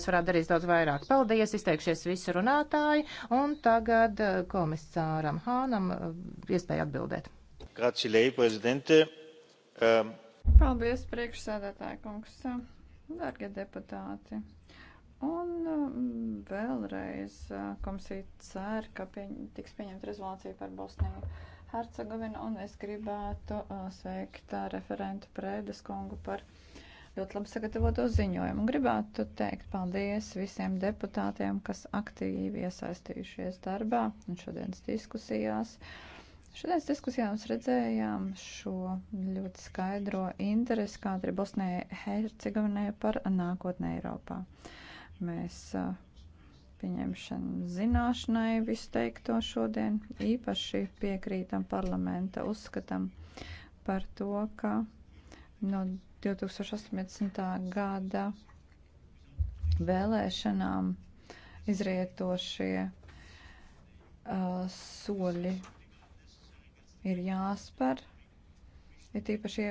Mēs varētu darīt daudz vairāk. Paldies, izteikšies visi runātāji, un tagad eh, komisāram Hānam eh, iespēja atbildēt. Grācilēji, prezidente. Um. Ehm, Paldies, priekšsēdētāji kungs, dārgie deputāti. Un mm, vēlreiz eh, komisija cer, ka pieņ, tiks pieņemta rezolācija par Bosniju. Hercegovina, un es gribētu uh, sveikt uh, referentu Prēdes kungu par uh, ļoti labi sagatavoto ziņojumu. Gribētu teikt paldies visiem deputātiem, kas aktīvi iesaistījušies darbā un šodienas diskusijās. Šodienas diskusijās redzējām šo ļoti skaidro interesi, kāda ir Bosnijai Hercegovinai par nākotnē Eiropā. Mēs pieņemšanu zināšanai visu teikto šodien īpaši piekrītam parlamenta uzskatam par to, ka no 2018. gada vēlēšanām izrietošie uh, soļi ir jāspēr, ir tīpaši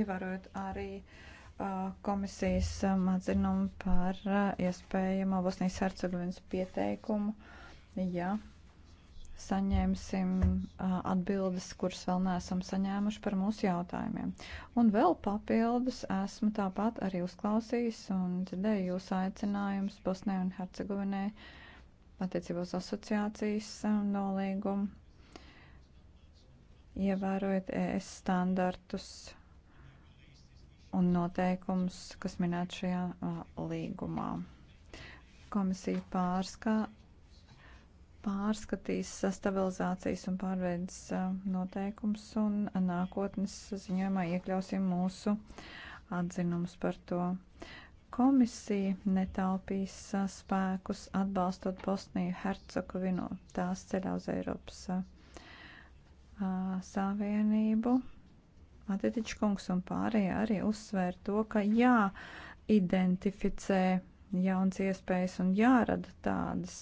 ievērojot arī uh, komisijas um, atzinumu par uh, iespējamo Bosnijas Hercegovinas pieteikumu, ja saņemsim atbildes, kuras vēl neesam saņēmuši par mūsu jautājumiem. Un vēl papildus esmu tāpat arī uzklausījis un dzirdēju jūsu aicinājumus Bosnē un Hercegovinē attiecībos asociācijas nolīgumu, ievērojot ES standartus un noteikumus, kas minēt šajā līgumā. Komisija pārskā pārskatīs stabilizācijas un pārveidas noteikums un nākotnes ziņojumā iekļausim mūsu atzinums par to. Komisija netaupīs spēkus atbalstot Bosniju Hercegovinu tās ceļā uz Eiropas Savienību. Atitičkungs un pārējie arī uzsvēra to, ka jāidentificē jauns iespējas un jārada tādas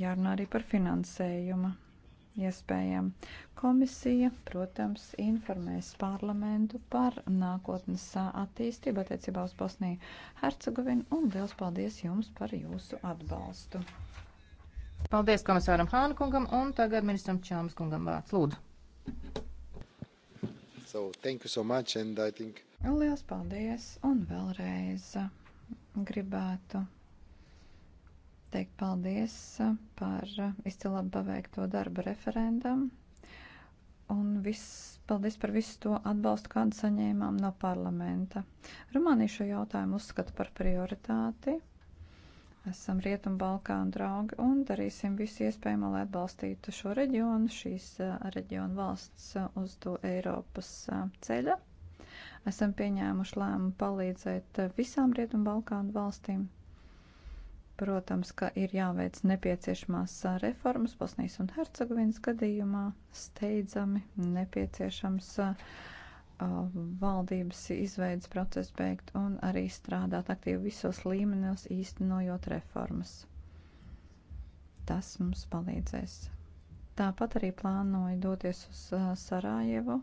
Jārunā arī par finansējuma iespējām. Komisija, protams, informēs parlamentu par nākotnes attīstību attiecībā uz Bosniju Hercegovinu un liels paldies jums par jūsu atbalstu. Paldies komisāram Hānekungam un tagad ministram Čāmas kungam vārds. Lūdzu. So, thank you so much and I think. Liels paldies un vēlreiz gribētu teikt paldies eh, par eh, izcilām paveikto darbu referendam un viss, paldies par visu to atbalstu, kādu saņēmām no parlamenta. Rumānija šo jautājumu uzskata par prioritāti. Esam Rietumu Balkānu draugi un darīsim visu iespējamo, lai atbalstītu šo reģionu, šīs eh, reģionu valsts uz to Eiropas ceļa. Esam pieņēmuši lēmumu palīdzēt visām Rietumu Balkānu valstīm Protams, ka ir jāveic nepieciešamās reformas Bosnijas un Hercegovinas gadījumā, steidzami nepieciešams valdības izveidas procesu beigt un arī strādāt aktīvi visos līmeņos īstenojot reformas. Tas mums palīdzēs. Tāpat arī plānoju doties uz Sarajevu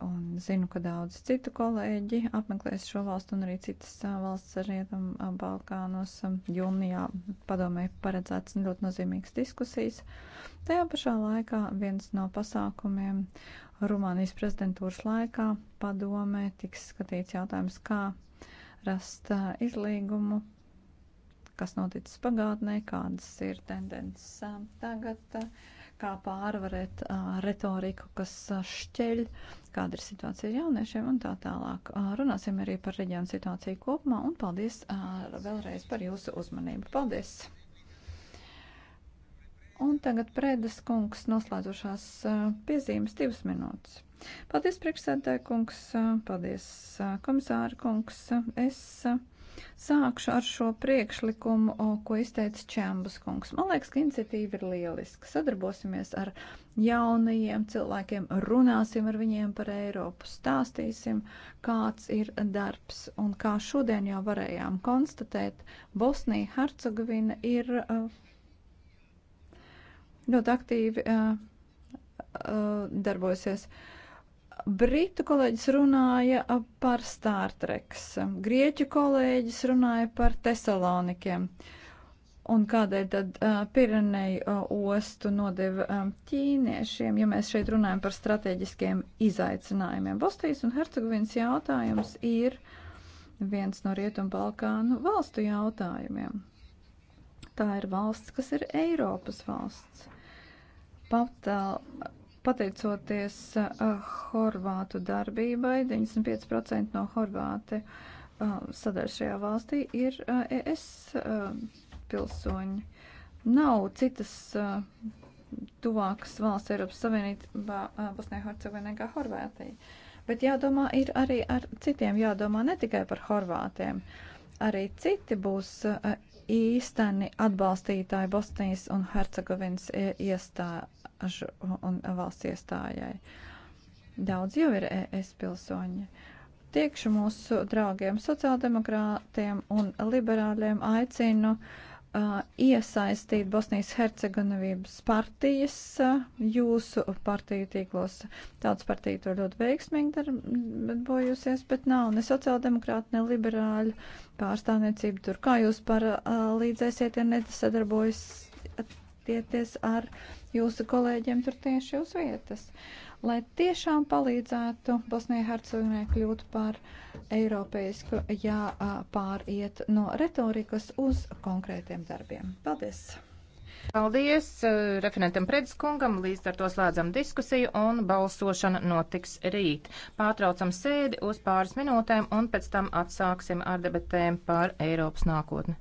un zinu, ka daudz citu kolēģi apmeklēs šo valstu un arī citas valsts rietum Balkānos. Jūnijā padomē paredzēts ļoti nozīmīgas diskusijas. Tajā pašā laikā viens no pasākumiem Rumānijas prezidentūras laikā padomē tiks skatīts jautājums, kā rast izlīgumu, kas noticis pagātnē, kādas ir tendences tagad. Uh, kā pārvarēt uh, retoriku, kas uh, šķeļ, kāda ir situācija jauniešiem un tā tālāk. Uh, runāsim arī par reģionu situāciju kopumā un paldies uh, vēlreiz par jūsu uzmanību. Paldies! Un tagad prēdas kungs noslēdzošās uh, piezīmes divas minūtes. Paldies, priekšsēdētāji kungs, uh, paldies, uh, komisāra kungs. Es uh, Sākšu ar šo priekšlikumu, ko izteica Čembas kungs. Man liekas, ka iniciatīva ir lieliska. Sadarbosimies ar jaunajiem cilvēkiem, runāsim ar viņiem par Eiropu, stāstīsim, kāds ir darbs. Un kā šodien jau varējām konstatēt, Bosnija Hercegovina ir ļoti aktīvi darbojusies. Uh, Britu kolēģis runāja par Star Treks, Grieķu kolēģis runāja par Tesalonikiem. Un kādēļ tad uh, Pirenei uh, ostu nodeva um, ķīniešiem, ja mēs šeit runājam par strateģiskiem izaicinājumiem? Bosnijas un Hercegovinas jautājums ir viens no Rietumbalkānu valstu jautājumiem. Tā ir valsts, kas ir Eiropas valsts. Pat uh, Pateicoties uh, Horvātu darbībai, 95% no Horvāti uh, eh, sadaļ šajā valstī ir uh, eh, ES uh, pilsoņi. Nav citas uh, tuvākas valsts Eiropas Savienībā, uh, Bosnijā, Hercegovinā kā Horvātija. Bet jādomā ir arī ar citiem, jādomā ne tikai par Horvātiem. Arī citi būs uh, īsteni atbalstītāji Bosnijas un Hercegovinas iestādi un valsts iestājai. Daudz jau ir ES pilsoņi. Tiekšu mūsu draugiem sociāldemokrātiem un liberāļiem aicinu uh, iesaistīt Bosnijas Hercegonovības partijas uh, jūsu partiju tīklos. Tautas partija to ļoti veiksmīgi darbojusies, bet nav ne sociāldemokrāti, ne liberāļu pārstāvniecība tur. Kā jūs paralīdzēsiet, uh, ja nesadarbojasieties ar. Uh, jūsu kolēģiem tur tieši uz vietas, lai tiešām palīdzētu Bosnijai Hercegovinai kļūt par eiropeisku, jāpāriet no retorikas uz konkrētiem darbiem. Paldies! Paldies referentam Predskungam, līdz ar to slēdzam diskusiju un balsošana notiks rīt. Pārtraucam sēdi uz pāris minūtēm un pēc tam atsāksim ar debatēm par Eiropas nākotni.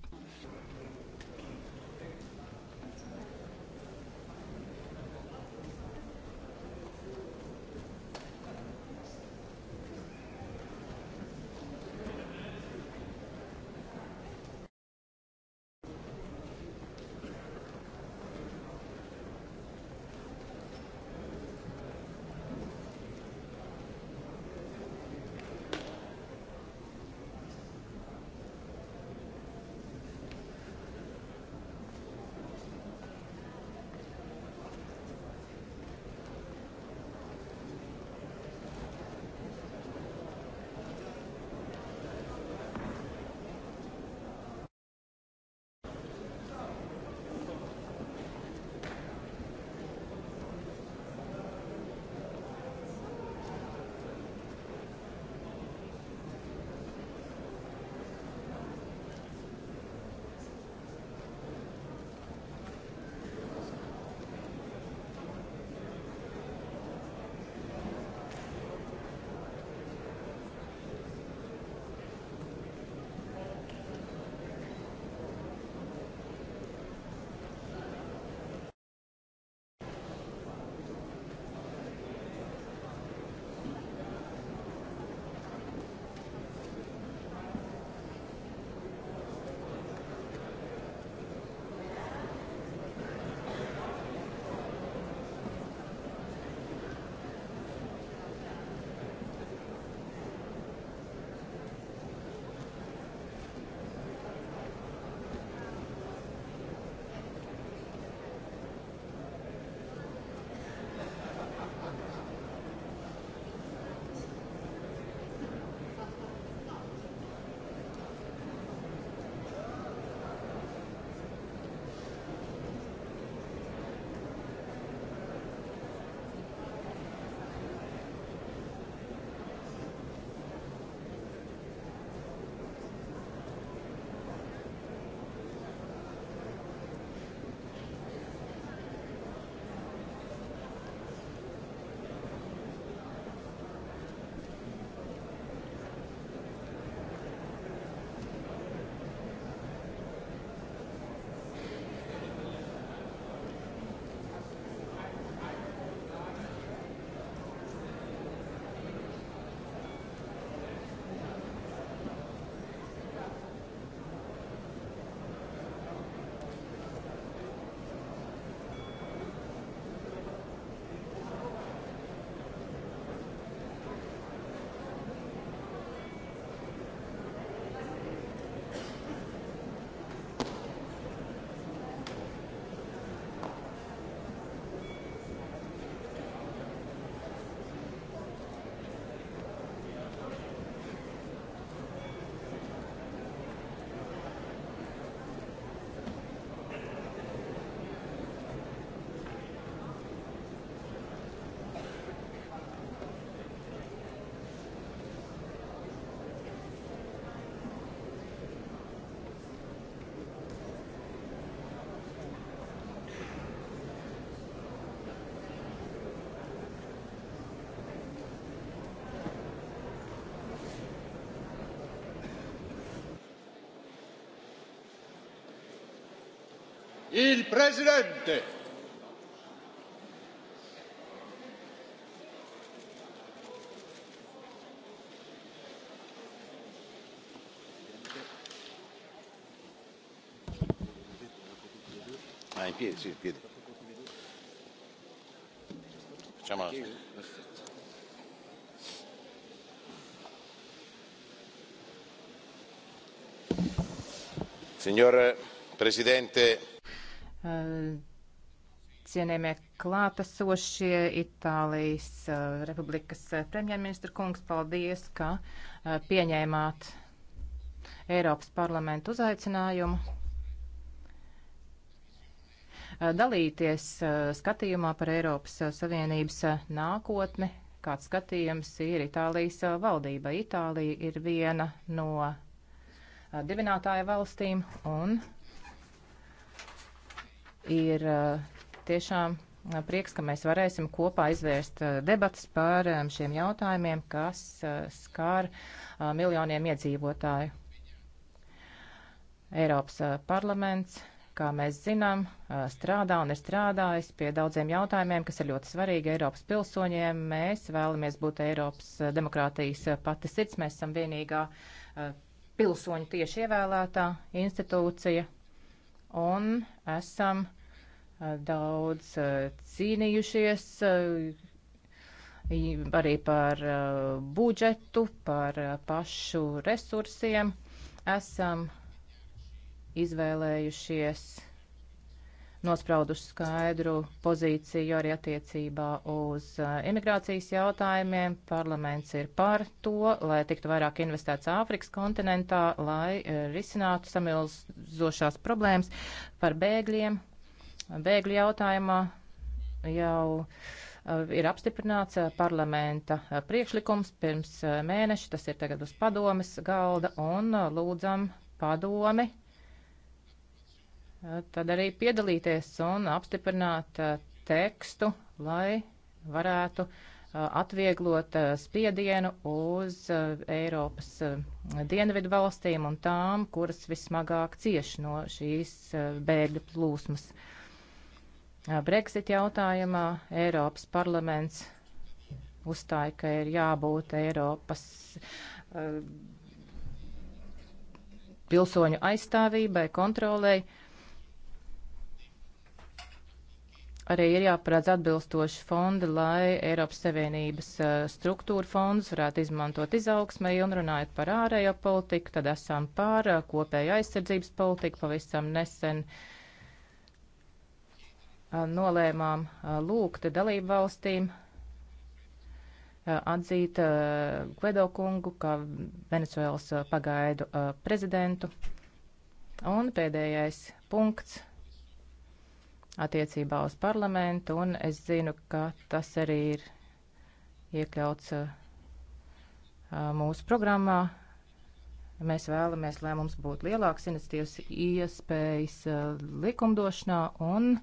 Il presidente. Ah, in piedi, sì, in piedi. Facciamo la... Perfetto. Signor Presidente, cienījamie klātesošie Itālijas eh, Republikas eh, premjerministra kungs, paldies, ka eh, pieņēmāt Eiropas parlamentu uzaicinājumu dalīties skatījumā par Eiropas Savienības nākotni, kāds skatījums ir Itālijas valdība. Itālija ir viena no divinātāja valstīm un ir tiešām prieks, ka mēs varēsim kopā izvērst debatas par šiem jautājumiem, kas skār miljoniem iedzīvotāju. Eiropas parlaments, kā mēs zinām, strādā un ir strādājis pie daudziem jautājumiem, kas ir ļoti svarīgi Eiropas pilsoņiem. Mēs vēlamies būt Eiropas demokrātijas pati sirds. Mēs esam vienīgā pilsoņu tieši ievēlētā institūcija un esam daudz eh, cīnījušies eh, arī par eh, budžetu, par pašu resursiem. Esam izvēlējušies nosprauduši skaidru pozīciju arī attiecībā uz imigrācijas jautājumiem. Parlaments ir par to, lai tiktu vairāk investēts Āfrikas kontinentā, lai risinātu samilzošās problēmas par bēgļiem bēgļu jautājumā jau uh, ir apstiprināts uh, parlamenta uh, priekšlikums pirms mēneša, tas ir tagad uz padomes galda, un lūdzam padomi tad arī piedalīties un apstiprināt tekstu, lai varētu atvieglot spiedienu uz Eiropas dienvidu valstīm un tām, kuras vismagāk cieši no šīs bēgļu plūsmas. Brexit jautājumā Eiropas parlaments uzstāja, ka ir jābūt Eiropas uh, pilsoņu aizstāvībai, kontrolei. Arī ir jāparādz atbilstoši fondi, lai Eiropas Savienības uh, struktūra fondus varētu izmantot izaugsmai un runājot par ārējo politiku, tad esam pār uh, kopēju aizsardzības politiku pavisam nesen. Uh, nolēmām lūgt dalību valstīm atzīt Gvedo kungu kā Venecuēlas pagaidu prezidentu. Un pēdējais punkts attiecībā uz parlamentu, un es zinu, ka tas arī ir iekļauts mūsu programmā. Mēs vēlamies, lai mums būtu lielāks iniciatīvas iespējas likumdošanā un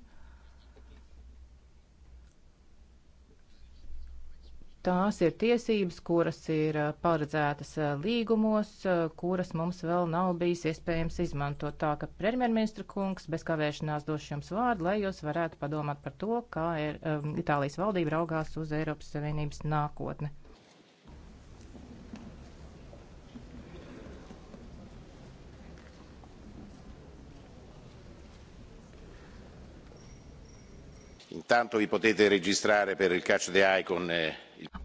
Tās ir tiesības, kuras ir uh, paredzētas uh, līgumos, uh, kuras mums vēl nav bijis iespējams izmantot. Tā ka premjerministra kungs bez kavēšanās došu jums vārdu, lai jūs varētu padomāt par to, kā ir, um, Itālijas valdība raugās uz Eiropas Savienības nākotni. Intanto vi potete registrare per il catch the eye con... Eh,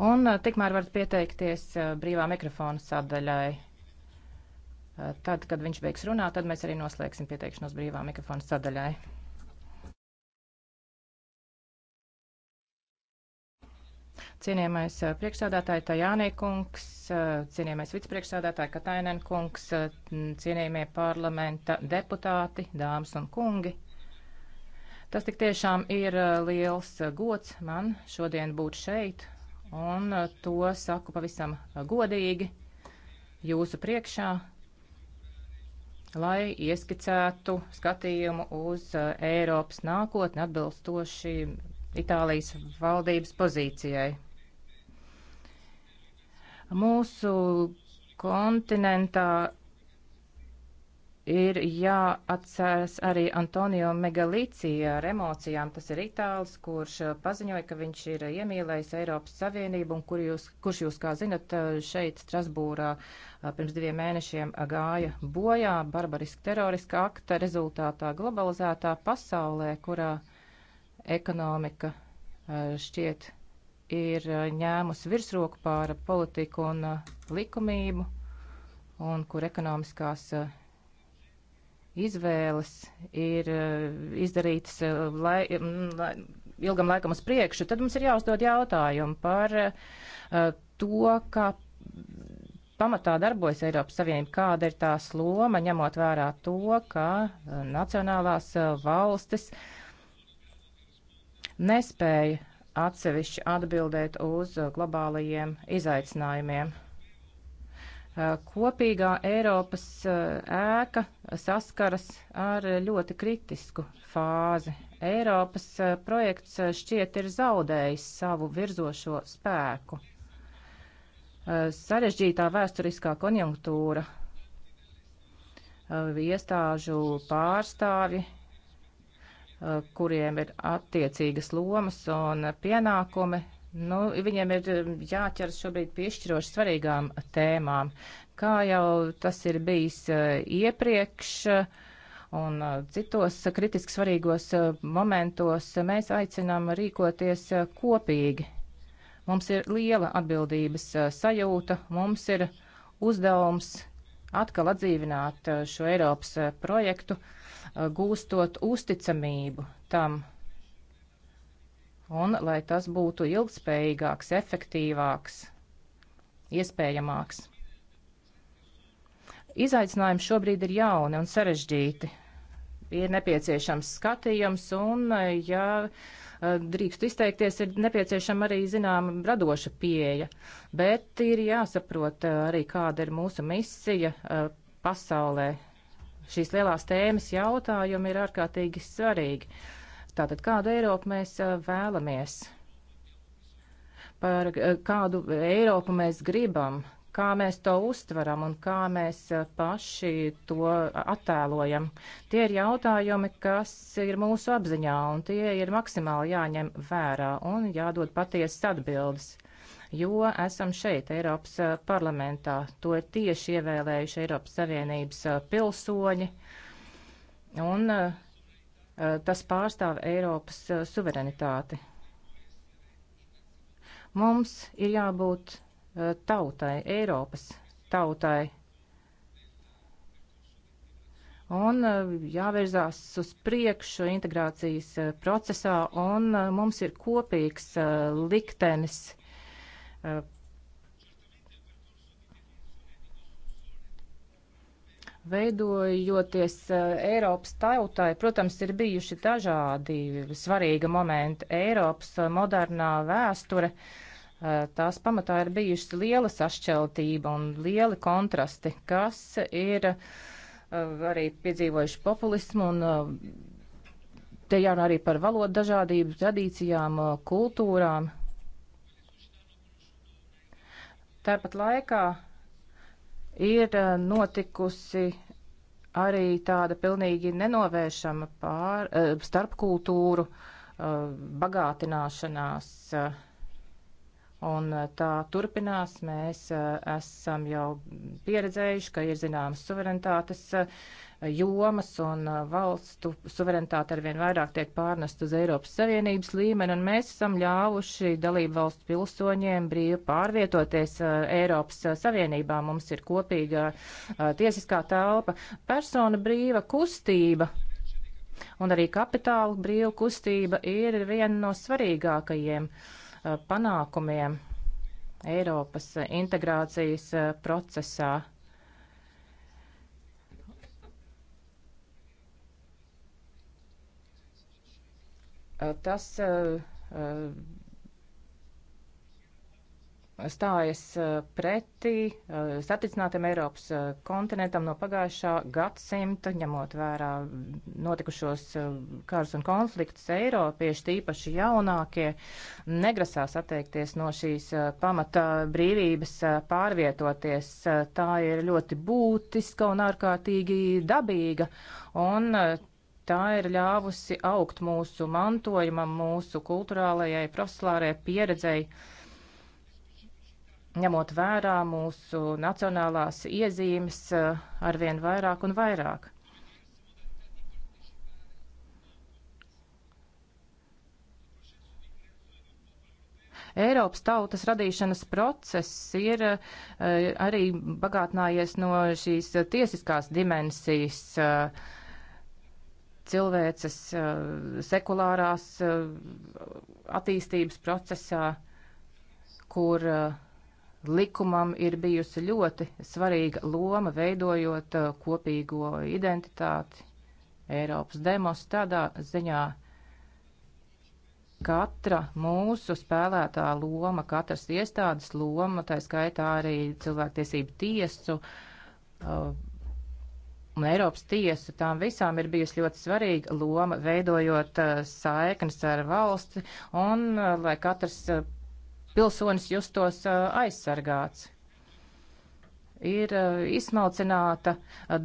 un eh, tikmēr varat pieteikties eh, brīvā mikrofona sadaļai. Tad, kad viņš beigs runāt, tad mēs arī noslēgsim pieteikšanos brīvā mikrofona sadaļai. Cienījamais priekšsādātāji Tajānī kungs, cienījamais vicepriekšsādātāji Katainen kungs, cienījamie parlamenta deputāti, dāmas un kungi. Tas tik tiešām ir eh, liels eh, gods man šodien būt šeit, un eh, to saku pavisam godīgi jūsu priekšā, lai ieskicētu skatījumu uz Eiropas nākotni atbilstoši Itālijas valdības pozīcijai. Mūsu kontinentā ir jāatceras arī Antonio Megalici ar emocijām. Tas ir itālis, kurš uh, paziņoja, ka viņš ir uh, iemīlējis Eiropas Savienību un kur jūs, kurš jūs, kā zinat, uh, šeit Strasbūrā pirms diviem mēnešiem gāja bojā barbariska teroriska akta rezultātā globalizētā pasaulē, kurā ekonomika šķiet ir ņēmus virsroku pār politiku un likumību un kur ekonomiskās uh, izvēles ir eh, izdarītas eh, lai, mm, lai, ilgam laikam uz priekšu, tad mums ir jāuzdod jautājumu par eh, to, kā pamatā darbojas Eiropas Savienība, kāda ir tās loma, ņemot vērā to, ka nacionālās valstis nespēja atsevišķi atbildēt uz globālajiem izaicinājumiem. Eh, kopīgā Eiropas eh, ēka saskaras ar ļoti kritisku fāzi. Eiropas eh, projekts šķiet ir zaudējis savu virzošo spēku. Sarežģītā vēsturiskā konjunktūra, iestāžu pārstāvi, kuriem ir attiecīgas lomas un pienākumi, Nu, viņiem ir um, jāķeras šobrīd piešķiroši svarīgām tēmām, kā jau tas ir bijis uh, iepriekš uh, un uh, citos kritiski svarīgos momentos. Mēs aicinām rīkoties kopīgi. Mums ir liela atbildības sajūta, mums ir uzdevums atkal atdzīvināt šo Eiropas projektu, gūstot uzticamību tam, un lai tas būtu ilgspējīgāks, efektīvāks, iespējamāks. Izaicinājumi šobrīd ir jauni un sarežģīti. Ir nepieciešams skatījums un, ja eh, drīkst izteikties, ir nepieciešama arī, zinām, radoša pieeja, bet ir jāsaprot eh, arī, kāda ir mūsu misija eh, pasaulē. Šīs lielās tēmas jautājumi ir ārkārtīgi svarīgi. Uh, Tātad kādu Eiropu mēs vēlamies? Par kādu Eiropu mēs gribam? kā mēs to uztveram un kā mēs paši to attēlojam. Tie ir jautājumi, kas ir mūsu apziņā, un tie ir maksimāli jāņem vērā un jādod patiesas atbildes. Jo esam šeit, Eiropas parlamentā, to ir tieši ievēlējuši Eiropas Savienības pilsoņi. Un uh, Eh, tas pārstāv Eiropas eh, suverenitāti. Mums ir jābūt eh, tautai, Eiropas tautai, un jāvirzās uz priekšu integrācijas procesā, un mums ir kopīgs liktenis Veidojoties eh, Eiropas tautai, protams, ir bijuši dažādi svarīga momenti. Eiropas eh, modernā vēsture, eh, tās pamatā ir bijusi liela sašķeltība un lieli kontrasti, kas ir arī piedzīvojuši populismu un te jārunā arī par valodu dažādību, tradīcijām, kultūrām. Tāpat laikā ir eh, notikusi arī tāda pilnīgi nenovēršama pār, eh, starpkultūru eh, bagātināšanās. Un eh, tā turpinās. Mēs eh, esam jau pieredzējuši, ka ir zināmas suverenitātes eh, jomas un valstu suverenitāte arvien vairāk tiek pārnest uz Eiropas Savienības līmeni, un mēs esam ļāvuši dalību valstu pilsoņiem brīvi pārvietoties Eiropas Savienībā. Mums ir kopīga tiesiskā telpa, persona brīva kustība. Un arī kapitāla brīva kustība ir viena no svarīgākajiem uh, Uh, panākumiem Eiropas integrācijas uh, procesā. Uh, tas uh, stājas uh, pretī uh, satricinātam Eiropas uh, kontinentam no pagājušā gadsimta, ņemot vērā mm, notikušos karus un konfliktus Eiropieši, tīpaši jaunākie, negrasās atteikties no šīs pamata brīvības pārvietoties. Tā ir ļoti būtiska un ārkārtīgi dabīga, un tā ir ļāvusi augt mūsu mantojumam, mūsu kultūrālajai, profesionālajai pieredzei. Uh, ņemot vērā mūsu nacionālās iezīmes eh, arvien vairāk un vairāk. Eiropas tautas radīšanas process ir uh, arī bagātinājies no šīs tiesiskās dimensijas uh, cilvēces uh, sekulārās attīstības procesā, kur uh, likumam ir bijusi ļoti svarīga loma veidojot uh, kopīgo identitāti Eiropas demos tādā ziņā. Katra mūsu spēlētā loma, katras iestādes loma, tā skaitā arī cilvēktiesību tiesu uh, un Eiropas tiesu, tām visām ir bijusi ļoti svarīga loma, veidojot uh, saiknes ar valsti un uh, lai katrs uh, pilsonis justos aizsargāts. Ir izsmalcināta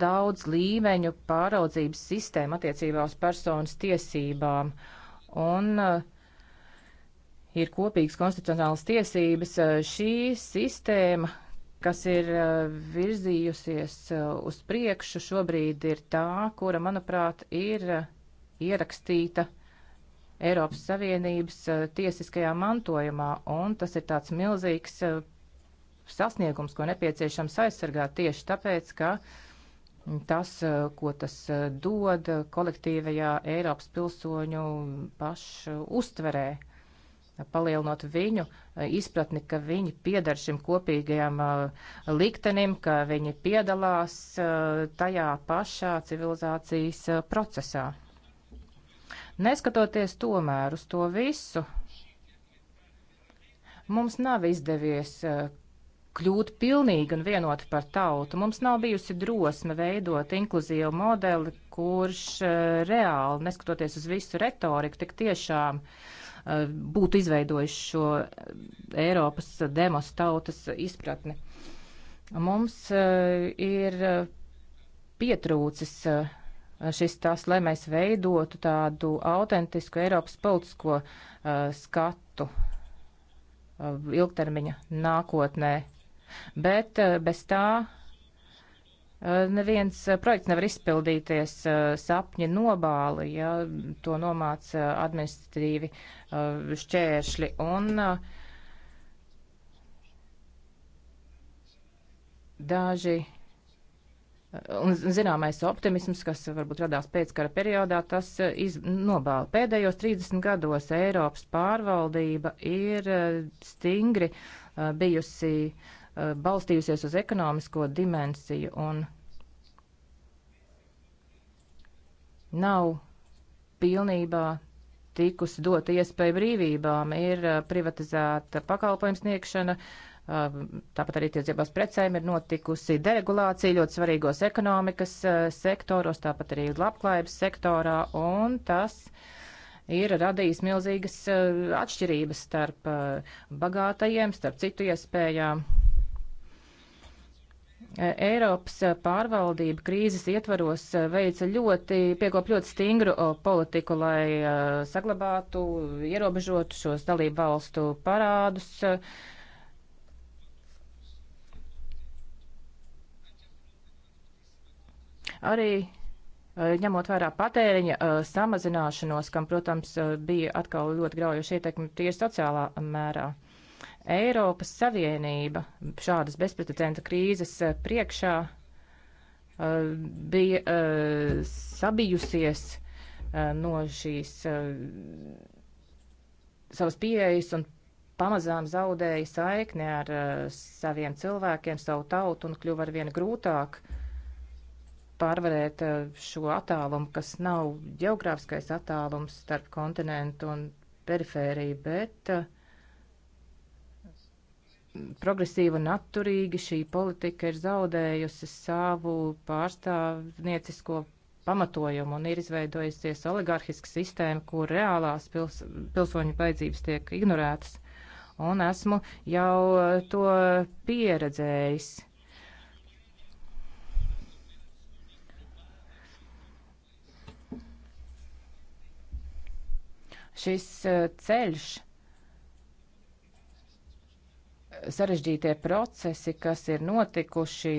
daudz līmeņu pāraudzības sistēma attiecībā uz personas tiesībām, un ir kopīgas konstitucionālas tiesības. Šī sistēma kas ir virzījusies uz priekšu, šobrīd ir tā, kura, manuprāt, ir ierakstīta Eiropas Savienības eh, tiesiskajā mantojumā, un tas ir tāds milzīgs eh, sasniegums, ko nepieciešams aizsargāt tieši tāpēc, ka tas, eh, ko tas dod kolektīvajā Eiropas pilsoņu pašu uztverē, palielinot viņu izpratni, ka viņi piedar šim kopīgajam liktenim, ka viņi piedalās tajā pašā civilizācijas procesā. Neskatoties tomēr uz to visu, mums nav izdevies eh, kļūt pilnīgi un vienoti par tautu. Mums nav bijusi drosme veidot inkluzīvu modeli, kurš eh, reāli, neskatoties uz visu retoriku, tik tiešām eh, būtu izveidojis šo Eiropas demos tautas izpratni. Mums ir pietrūcis uh, Eh, šis tas, lai mēs veidotu tādu autentisku Eiropas politisko uh, skatu uh, ilgtermiņa nākotnē. Bet uh, bez tā uh, neviens projekts nevar izpildīties uh, sapņi nobāli, ja to nomāc uh, administratīvi uh, šķēršļi. Un, uh, daži Un zināmais optimisms, kas varbūt radās pēckara periodā, tas eh, iz, nobāla. Pēdējos 30 gados Eiropas pārvaldība ir eh, stingri eh, bijusi balstījusies uz ekonomisko dimensiju un nav pilnībā tikusi dota iespēja brīvībām, ir privatizēta pakalpojums sniegšana, uh, Tāpat arī tiecībās precēm ir notikusi deregulācija ļoti svarīgos ekonomikas sektoros, tāpat arī labklājības sektorā, un tas ir radījis milzīgas atšķirības starp bagātajiem, starp citu iespējām. Eiropas pārvaldība krīzes ietvaros veica ļoti, piekop ļoti stingru politiku, lai saglabātu, ierobežotu šos dalību valstu parādus, Arī e, ņemot vērā patēriņa e, samazināšanos, kam, protams, e, bija atkal ļoti graujoši ietekmi tieši sociālā mērā. Eiropas Savienība šādas bezprecedenta krīzes priekšā bija sabijusies no šīs savas pieejas un pamazām zaudēja saikni ar saviem cilvēkiem, savu tautu un kļuva arvien grūtāk uh, pārvarēt eh, šo attālumu, kas nav geogrāfiskais attālums starp kontinentu un perifēriju, bet eh, progresīva un atturīgi šī politika ir zaudējusi savu pārstāvniecisko pamatojumu un ir izveidojusies oligarhiska sistēma, kur reālās pils, pilsoņu vajadzības tiek ignorētas. Un esmu jau eh, to pieredzējis Šis eh, ceļš, eh, sarežģītie procesi, kas ir notikuši,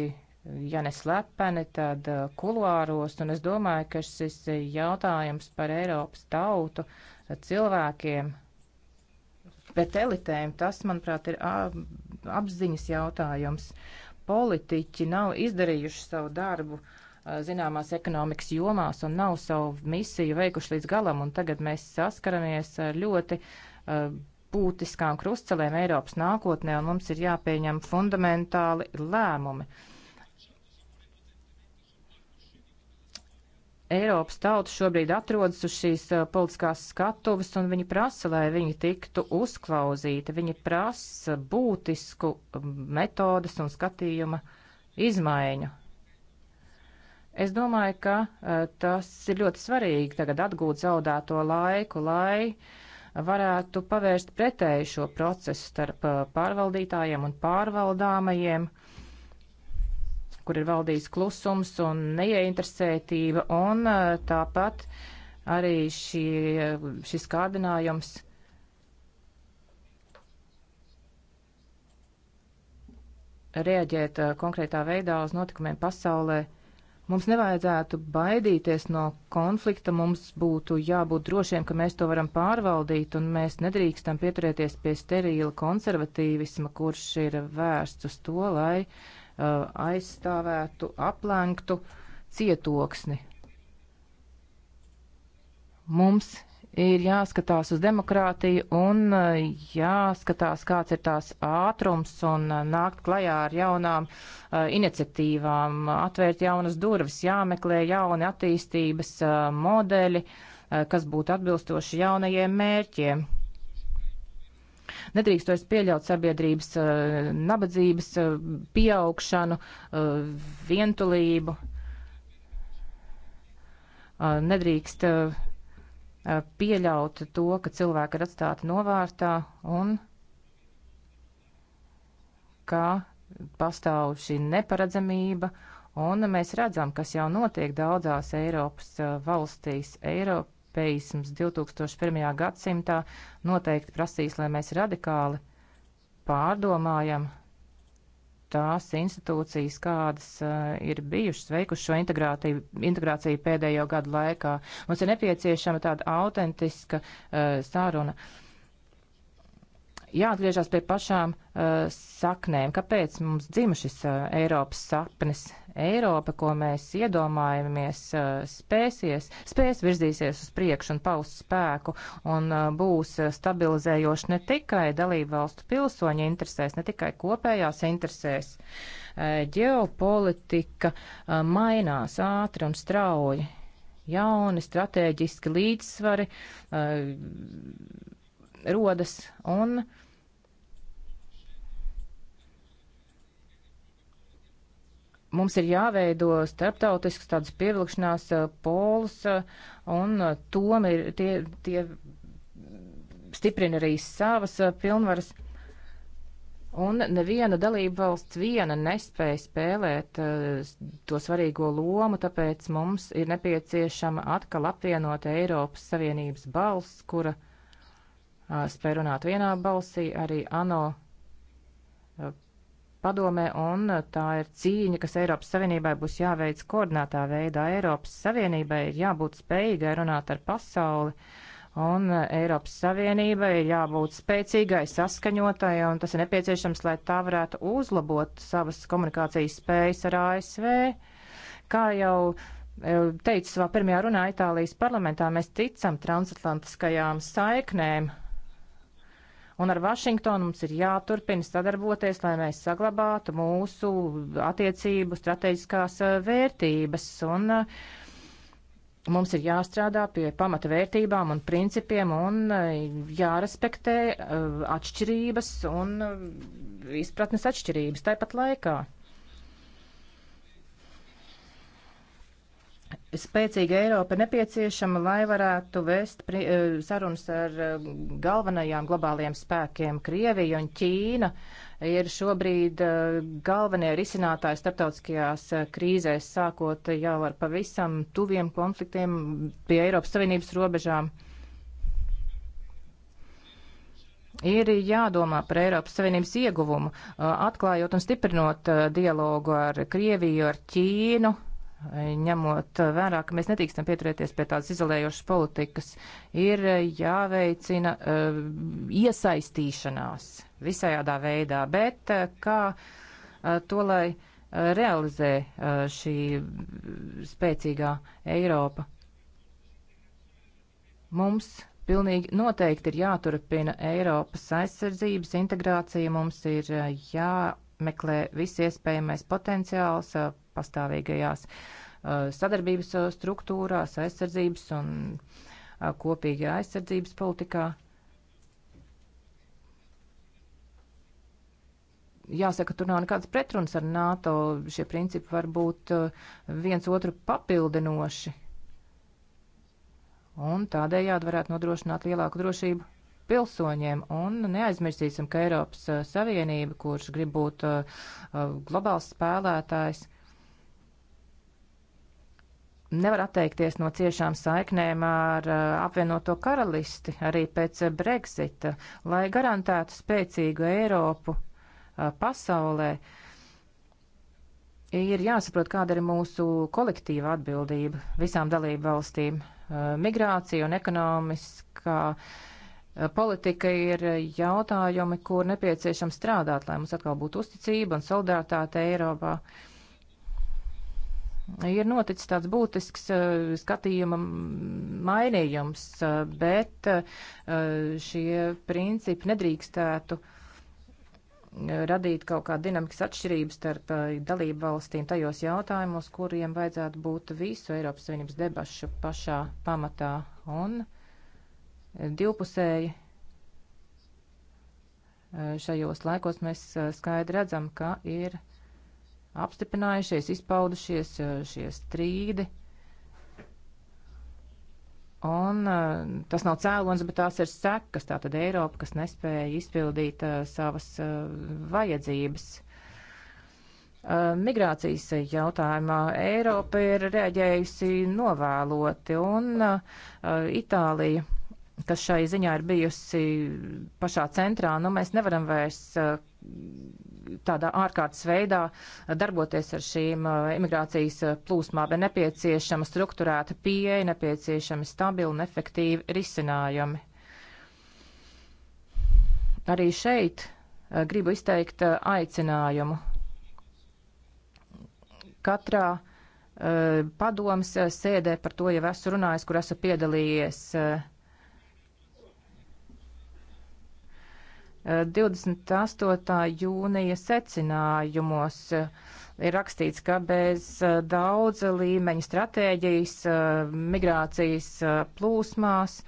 ja neslepeni, tad eh, kuluāros, un es domāju, ka šis jautājums par Eiropas tautu, cilvēkiem, bet elitēm, tas, manuprāt, ir apziņas jautājums. Politiķi nav izdarījuši savu darbu uh, zināmās ekonomikas jomās un nav savu misiju veikuši līdz galam, un tagad mēs saskaramies ar ļoti būtiskām krustcelēm Eiropas nākotnē, un mums ir jāpieņem fundamentāli lēmumi. Eiropas tauta šobrīd atrodas uz šīs politiskās skatuves, un viņi prasa, lai viņi tiktu uzklausīti. Viņi prasa būtisku metodas un skatījuma izmaiņu. Es domāju, ka uh, tas ir ļoti svarīgi tagad atgūt zaudēto laiku, lai varētu pavērst pretēju šo procesu starp uh, pārvaldītājiem un pārvaldāmajiem, kur ir valdījis klusums un neieinteresētība, un uh, tāpat arī šī, šis kārdinājums. Rēģēt konkrētā veidā uz notikumiem pasaulē. Mums nevajadzētu baidīties no konflikta, mums būtu jābūt drošiem, ka mēs to varam pārvaldīt, un mēs nedrīkstam pieturēties pie sterīla konservatīvisma, kurš ir vērsts uz to, lai uh, aizstāvētu, aplenktu cietoksni. Mums ir jāskatās uz demokrātiju un eh, jāskatās, kāds ir tās ātrums un eh, nākt klajā ar jaunām eh, iniciatīvām, atvērt jaunas durvis, jāmeklē jauni attīstības modeļi, kas būtu atbilstoši jaunajiem mērķiem. Nedrīkst vairs pieļaut sabiedrības nabadzības pieaugšanu, vientulību. Nedrīkst Eh, pieļaut to, ka cilvēki ir atstāti novārtā un ka pastāv šī neparedzamība, un mēs redzam, kas jau notiek daudzās Eiropas eh, valstīs. Eiropeisms 2001. gadsimtā noteikti prasīs, lai mēs radikāli pārdomājam tās institūcijas, kādas uh, ir bijušas veikušas šo integrāciju pēdējo gadu laikā. Mums ir nepieciešama tāda autentiska uh, eh, sāruna. Uh, jāatgriežas pie pašām uh, saknēm. Kāpēc mums dzima šis uh, Eiropas sapnis? Eiropa, ko mēs iedomājamies, uh, spēsies, spēs virzīsies uz priekšu un paust spēku un uh, būs stabilizējoši ne tikai dalību valstu pilsoņu interesēs, ne tikai kopējās interesēs. Uh, ģeopolitika uh, mainās ātri un strauji. Jauni strateģiski līdzsvari. Uh, rodas un. Mums ir jāveido starptautisks tāds pievilkšanās eh, pols, eh, un eh, tom ir tie, tie stiprina arī savas pilnvaras. Un neviena dalība valsts viena nespēja spēlēt uh, to svarīgo lomu, tāpēc mums ir nepieciešama atkal apvienota Eiropas Savienības balss, kura spēj runāt vienā balsī, arī ANO padomē, un tā ir cīņa, kas Eiropas Savienībai būs jāveic koordinētā veidā. Eiropas Savienībai ir jābūt spējīgai runāt ar pasauli, un Eiropas Savienībai ir jābūt spēcīgai, saskaņotai, un tas ir nepieciešams, lai tā varētu uzlabot savas komunikācijas spējas ar ASV. Kā jau teicu savā pirmajā runā Itālijas parlamentā, mēs ticam transatlantiskajām saiknēm Un ar Vašingtonu mums ir jāturpina sadarboties, lai mēs saglabātu mūsu attiecību strateģiskās eh, vērtības. Un, eh, Mums ir jāstrādā pie pamata vērtībām un principiem un eh, jārespektē atšķirības un izpratnes atšķirības tāpat laikā. Spēcīga Eiropa ir nepieciešama, lai varētu vēst eh, sarunas ar eh, galvenajām globālajiem spēkiem. Krievija un Ķīna ir šobrīd eh, galvenie risinātāji starptautiskajās krīzēs, sākot jau ar pavisam tuviem konfliktiem pie Eiropas Savienības robežām. Ir jādomā par Eiropas Savienības ieguvumu, atklājot un stiprinot dialogu ar Krieviju, ar Ķīnu ņemot vērā, ka mēs nedrīkstam pieturēties pie tādas izolējošas politikas, ir jāveicina uh, iesaistīšanās visajādā veidā, bet uh, kā uh, to, lai realizē šī spēcīgā Eiropa. Mums pilnīgi noteikti ir jāturpina Eiropas aizsardzības integrācija, mums ir jāmeklē visi iespējamais potenciāls pastāvīgajās sadarbības struktūrās, aizsardzības un kopīgajā aizsardzības politikā. Jāsaka, tur nav nekādas pretrunas ar NATO. Šie principi var būt viens otru papildinoši. Un tādējādi varētu nodrošināt lielāku drošību pilsoņiem. Un neaizmirsīsim, ka Eiropas Savienība, kurš grib būt globāls spēlētājs, uh, nevar atteikties no ciešām saiknēm ar eh, apvienoto karalisti arī pēc Brexita, lai garantētu spēcīgu Eiropu eh, pasaulē. Ir jāsaprot, kāda ir mūsu kolektīva atbildība visām dalību valstīm. Eh, migrācija un ekonomiskā politika ir jautājumi, kur nepieciešams strādāt, lai mums atkal būtu uzticība un solidaritāte Eiropā. Uh, ir noticis tāds būtisks eh, skatījuma mainījums, eh, bet eh, šie principi nedrīkstētu radīt kaut kādu dinamikas atšķirību starp dalību valstīm tajos jautājumos, kuriem vajadzētu būt visu Eiropas Savienības debašu pašā pamatā un divpusēji. Šajos laikos mēs skaidri redzam, ka ir apstiprinājušies, izpaudušies eh, šie strīdi. Un eh, tas nav cēlonis, bet tās ir sekas. Tātad Eiropa, kas nespēja izpildīt eh, savas vajadzības. Migrācijas jautājumā Eiropa ir reaģējusi novēloti, un Itālija kas šai ziņā ir bijusi pašā centrā, nu mēs nevaram vairs tādā ārkārtas veidā darboties ar šīm uh, imigrācijas uh, plūsmām, bet nepieciešama struktūrēta pieeja, nepieciešami stabili un efektīvi risinājumi. Arī šeit uh, gribu izteikt aicinājumu. Katrā padomas sēdē par to jau esmu runājis, kur esmu piedalījies. 28. jūnija secinājumos ir rakstīts, ka bez eh, daudz līmeņa stratēģijas eh, migrācijas eh, plūsmās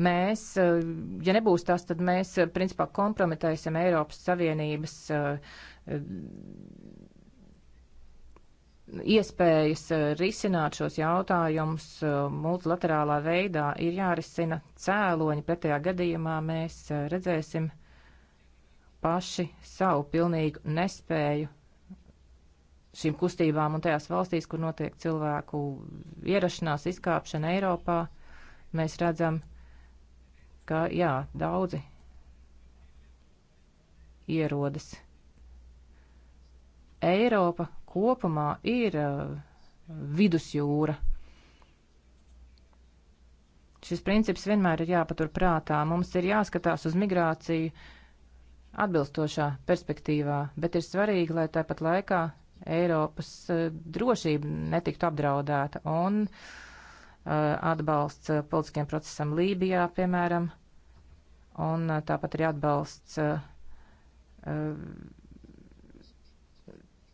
mēs, ja nebūs tas, tad mēs principā kompromitēsim Eiropas Savienības iespējas risināt šos jautājumus multilaterālā veidā ir jārisina cēloņi. Pretējā gadījumā mēs redzēsim, paši savu pilnīgu nespēju šīm kustībām un tajās valstīs, kur notiek cilvēku ierašanās, izkāpšana Eiropā, mēs redzam, ka jā, daudzi ierodas. Eiropa kopumā ir uh, vidusjūra. Šis princips vienmēr ir jāpatur prātā. Mums ir jāskatās uz migrāciju uh, atbilstošā perspektīvā, bet ir svarīgi, lai tāpat laikā Eiropas e, drošība netiktu apdraudēta un e, atbalsts e, politiskiem procesam Lībijā, piemēram, un tāpat arī atbalsts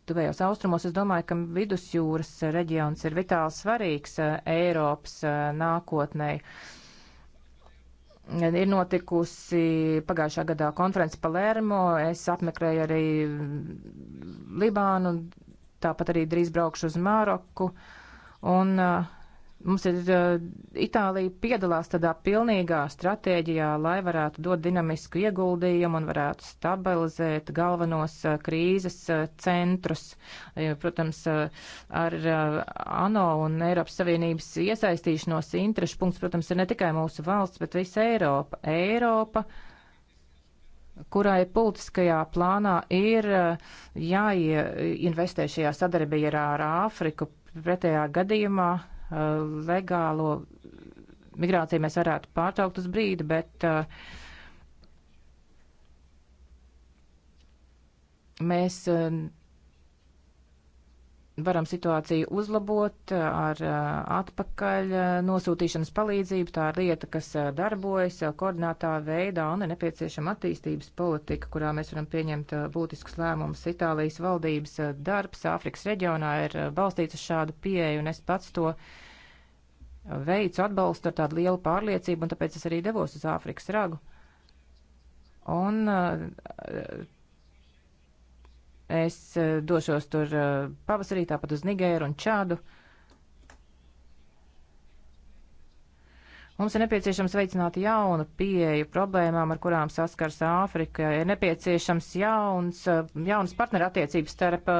tuvējos austrumos. Es domāju, ka vidusjūras reģions ir vitāli svarīgs Eiropas nākotnēji Ir notikusi pagājušā gadā konference Palermo, es apmeklēju arī Libānu, tāpat arī drīz braukšu uz Māroku. Un uh, Mums ir uh, Itālija piedalās tādā pilnīgā stratēģijā, lai varētu dot dinamisku ieguldījumu un varētu stabilizēt galvenos uh, krīzes uh, centrus. Protams, ar ANO un Eiropas Savienības iesaistīšanos interešu punkts, protams, ir ne tikai mūsu valsts, bet visa Eiropa. Eiropa kurai politiskajā plānā ir jāinvestē šajā sadarbībā ar Āfriku, pretējā gadījumā legālo eh, migrāciju mēs varētu pārtraukt uz brīdi, bet eh, mēs eh, varam situāciju uzlabot eh, ar eh, atpakaļ eh, nosūtīšanas palīdzību. Tā ir lieta, kas darbojas koordinātā veidā un ir nepieciešama attīstības politika, kurā mēs varam pieņemt būtiskus lēmumus. Itālijas valdības darbs Āfrikas reģionā ir balstīts uz šādu pieeju, un es pats to veicu atbalstu ar tādu lielu pārliecību, un tāpēc es arī devos uz Āfrikas ragu. Un Es e, došos tur e, pavasarī tāpat uz Nigēru un Čādu. Mums ir nepieciešams veicināt jaunu pieeju problēmām, ar kurām saskars Āfrika. Ir nepieciešams jauns, e, jauns partnerattiecības starp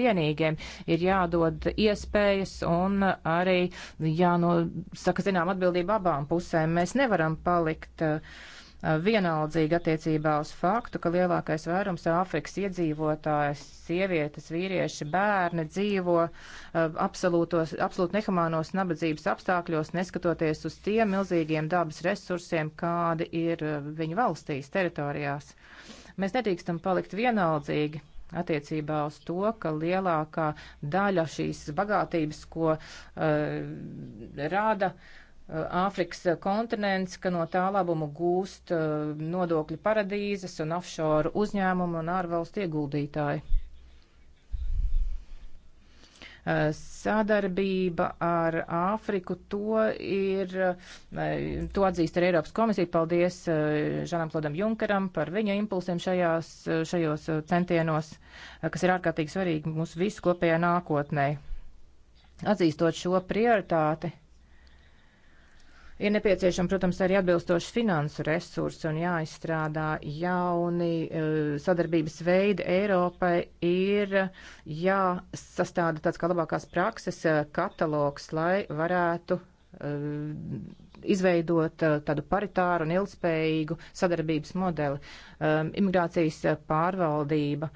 vienīgiem. Ir jādod iespējas un arī jānosaka, zinām, atbildība abām pusēm. Mēs nevaram palikt. Uh, Uh, vienaldzīgi attiecībā uz faktu, ka lielākais vairums Āfrikas iedzīvotājs, sievietes, vīrieši, bērni dzīvo uh, absolūtos, absolūti nehumānos nabadzības apstākļos, neskatoties uz tiem milzīgiem dabas resursiem, kādi ir uh, viņu valstīs, teritorijās. Mēs nedrīkstam palikt vienaldzīgi attiecībā uz to, ka lielākā daļa šīs bagātības, ko uh, rada uh, Āfrikas kontinents, ka no tā labumu gūst uh, nodokļu paradīzes un offshore uzņēmumu un ārvalstu ieguldītāji. Uh, sadarbība ar Āfriku to ir, uh, to atzīst arī Eiropas komisija. Paldies Žanam Klodam Junkaram par viņa impulsiem šajās, šajos centienos, kas ir ārkārtīgi svarīgi mūsu visu kopējā nākotnē. Atzīstot šo prioritāti Ir nepieciešama, protams, arī atbilstoši finansu resursi un jāizstrādā jauni eh, sadarbības veidi Eiropai. Ir jāsastāda tāds kā labākās prakses eh, katalogs, lai varētu eh, izveidot tādu paritāru un ilgspējīgu sadarbības modeli, imigrācijas pārvaldība.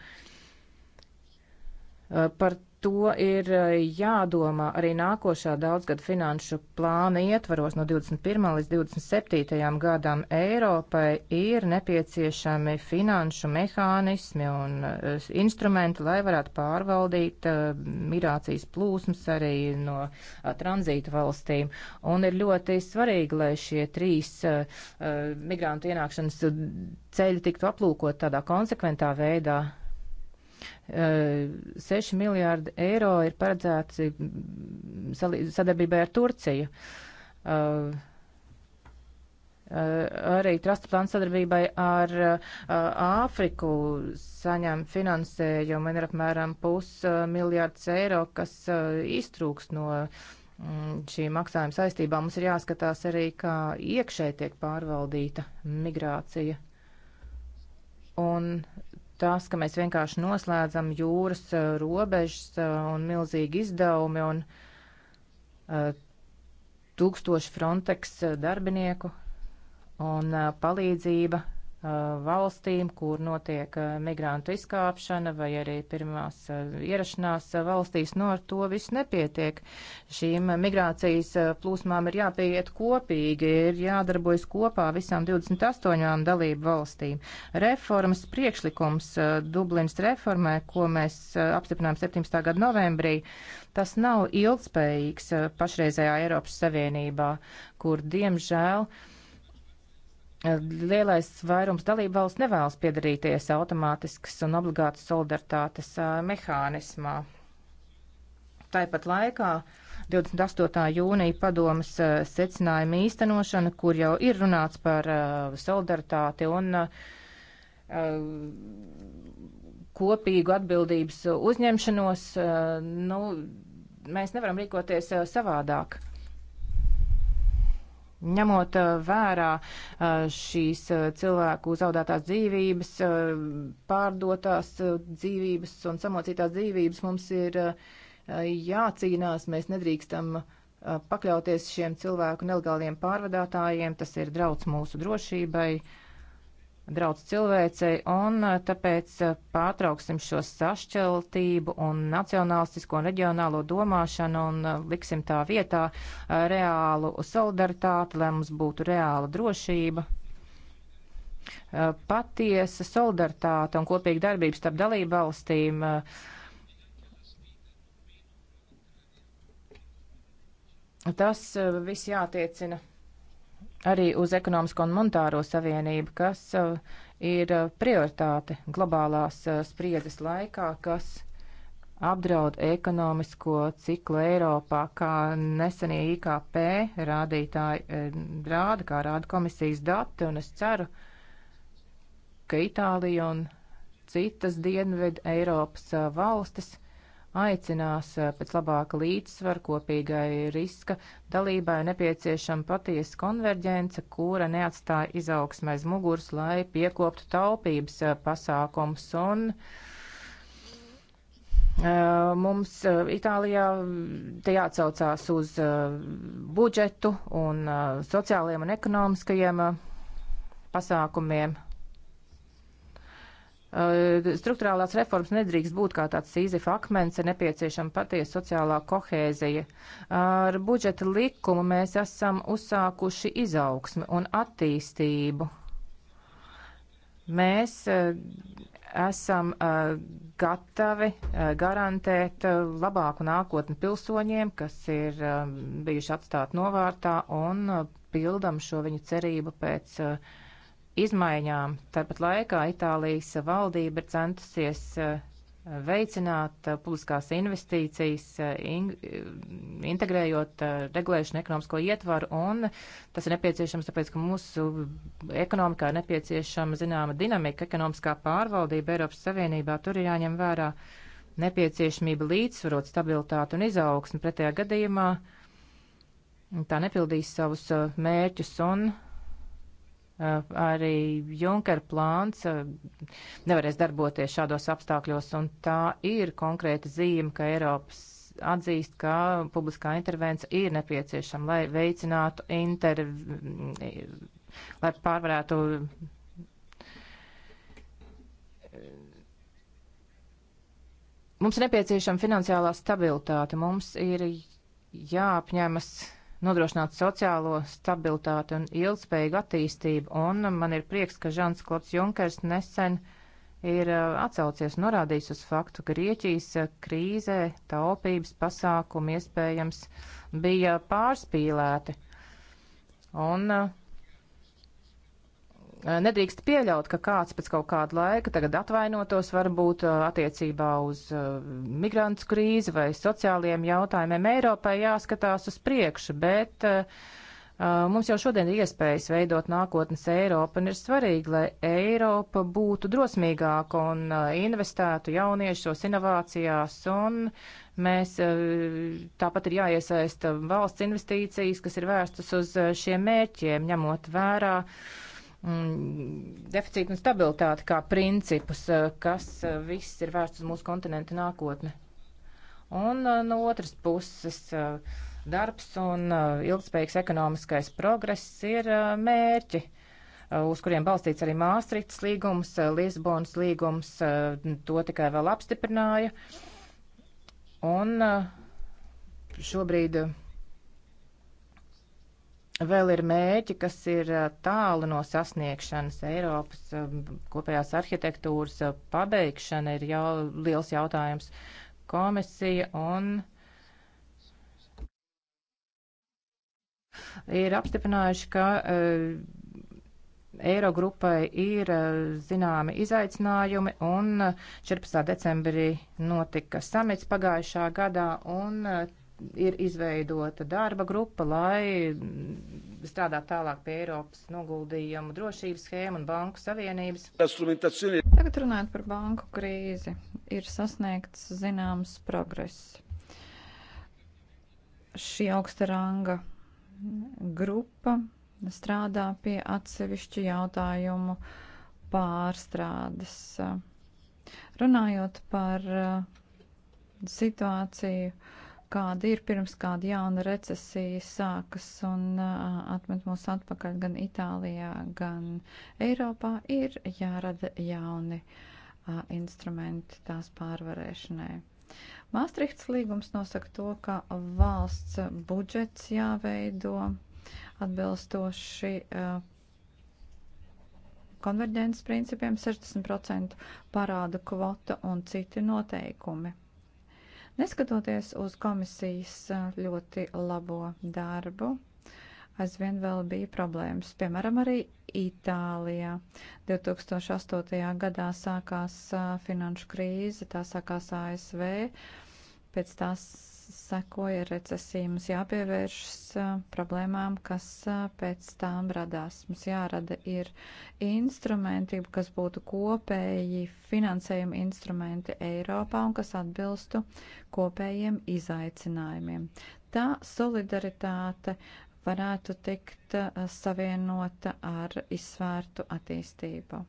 Par to ir eh, jādomā arī nākošā daudzgada finanšu plāna ietvaros no 21. līdz 27. gadam Eiropai ir nepieciešami finanšu mehānismi un eh, instrumenti, lai varētu pārvaldīt eh, migrācijas plūsmas arī no tranzīta valstīm. Un ir ļoti svarīgi, lai šie trīs migrantu ienākšanas ceļi tiktu aplūkot tādā konsekventā veidā 6 eh, miljārdi eiro ir paredzēti sadarbībai ar Turciju. Eh, eh, arī trusta plāna sadarbībai ar Āfriku saņem finansējumu un ir apmēram pusmiljārds eiro, kas iztrūks no mm, šīm maksājuma saistībām. Mums ir jāskatās arī, kā iekšē tiek pārvaldīta migrācija. Un tas, ka mēs vienkārši noslēdzam jūras robežas un milzīgi izdevumi un tūkstoši Frontex darbinieku un palīdzība Uh, valstīm, kur notiek uh, migrantu izkāpšana vai arī pirmās uh, ierašanās valstīs, no nu, ar to viss nepietiek. Šīm migrācijas plūsmām ir jāpieiet kopīgi, ir jādarbojas kopā visām 28 dalību valstīm. Reformas priekšlikums Dublinas reformē, ko mēs apstiprinājām 17. gada novembrī, tas nav ilgspējīgs pašreizējā Eiropas Savienībā, kur diemžēl uh, Lielais vairums dalību valsts nevēlas piedarīties automātiskas un obligātas solidaritātes mehānismā. Tāpat laikā 28. jūnija padomas secinājuma īstenošana, kur jau ir runāts par solidaritāti un kopīgu atbildības uzņemšanos, nu, mēs nevaram rīkoties savādāk. Ņemot eh, vērā eh, šīs eh, cilvēku zaudētās dzīvības, pārdotās dzīvības un samocītās dzīvības, mums ir jācīnās. Mēs nedrīkstam pakļauties šiem cilvēku nelegāliem pārvadātājiem. Tas ir drauds mūsu drošībai draudz cilvēcei, un eh, tāpēc eh, pārtrauksim šo sašķeltību un nacionālistisko un reģionālo domāšanu un eh, liksim tā vietā reālu solidaritāti, lai mums būtu reāla drošība. Patiesa solidaritāte un kopīga darbības starp dalību valstīm. Tas viss jātiecina arī uz ekonomisko un monetāro savienību, kas uh, ir uh, prioritāte globālās uh, spriedzes laikā, kas apdraud ekonomisko ciklu Eiropā, kā nesenie IKP rādītāji eh, rāda, kā rāda komisijas dati, un es ceru, ka Itālija un citas dienvedu Eiropas valstis aicinās eh, pēc labāka līdzsvara kopīgai riska dalībai nepieciešama patiesa konverģence, kura neatstāja izaugsmē aiz muguras, lai piekoptu taupības eh, pasākums un eh, Mums Itālijā te jāatcaucās uz budžetu un sociālajiem un ekonomiskajiem pasākumiem, Uh, struktūrālās reformas nedrīkst būt kā tāds sīzifa akmens, ir nepieciešama patiesa sociālā kohēzija. Ar budžeta likumu mēs esam uzsākuši izaugsmi un attīstību. Mēs uh, esam uh, gatavi garantēt labāku nākotni pilsoņiem, kas ir um, bijuši atstāti novārtā un pildam šo viņu cerību pēc uh, izmaiņām. Tāpat laikā Itālijas valdība ir centusies eh, veicināt eh, publiskās investīcijas, eh, in, integrējot regulēšanu ekonomisko ietvaru, un tas ir nepieciešams, tāpēc, ka mūsu ekonomikā ir nepieciešama zināma dinamika, ekonomiskā pārvaldība Eiropas Savienībā, tur ir jāņem vērā nepieciešamība līdzsvarot stabilitāti un izaugsmi, pretējā gadījumā tā nepildīs savus mērķus un uh, arī Junker plāns eh, nevarēs darboties šādos apstākļos, un tā ir konkrēta zīme, ka Eiropas atzīst, ka publiskā intervence ir nepieciešama, lai veicinātu inter, lai pārvarētu eh, Mums ir nepieciešama finansiālā stabilitāte, mums ir jāapņemas nodrošināt sociālo stabilitāti un ilgspējīgu attīstību. Un man ir prieks, ka Žants Klots Junkers nesen ir uh, atsaucies norādījis uz faktu, ka Grieķijas uh, krīzē taupības pasākumi iespējams bija pārspīlēti. Un uh, Nedrīkst pieļaut, ka kāds pēc kaut kāda laika tagad atvainotos varbūt attiecībā uz migrantu krīzi vai sociālajiem jautājumiem. Eiropai jāskatās uz priekšu, bet mums jau šodien ir iespējas veidot nākotnes Eiropu, un ir svarīgi, lai Eiropa būtu drosmīgāka un investētu jauniešos inovācijās, un mēs tāpat ir jāiesaista valsts investīcijas, kas ir vērstas uz šiem mērķiem, ņemot vērā. Uh, deficītu un stabilitāti kā principus, eh, kas eh, viss ir vērsts uz mūsu kontinentu nākotni. Un eh, no otras puses darbs un ilgspējīgs ekonomiskais progress ir mērķi, uz kuriem balstīts arī Māstriktas līgums, Lisbonas līgums, to tikai vēl apstiprināja. Un šobrīd vēl ir mēķi, kas ir tālu no sasniegšanas. Eiropas kopējās arhitektūras pabeigšana ir jau liels jautājums. Komisija un. Ir apstiprinājuši, ka Eirogrupai ir zināmi izaicinājumi, un 14. decembrī notika samits pagājušā gadā, un ir izveidota darba grupa, lai strādātu tālāk pie Eiropas noguldījumu drošības schēmu un banku savienības. Tagad runājot par banku krīzi, ir sasniegts zināms progress. Šī augsta ranga grupa strādā pie atsevišķu jautājumu pārstrādes. Runājot par uh, situāciju, uh, kāda ir pirms kāda jauna recesija sākas un atmet mūs atpakaļ gan Itālijā, gan Eiropā, ir jārada jauni a, instrumenti tās pārvarēšanai. Maastrichts līgums nosaka to, ka valsts budžets jāveido atbilstoši a, konverģences principiem 60% parāda kvota un citi noteikumi Neskatoties uz komisijas ļoti labo darbu, aizvien vēl bija problēmas. Piemēram, arī Itālijā 2008. gadā sākās finanšu krīze, tā sākās ASV, pēc tās sekoja recesija. Mums jāpievēršas problēmām, kas pēc tām radās. Mums jārada ir instrumenti, kas būtu kopēji finansējuma instrumenti Eiropā un kas atbilstu kopējiem izaicinājumiem. Tā solidaritāte varētu tikt savienota ar izsvērtu attīstību.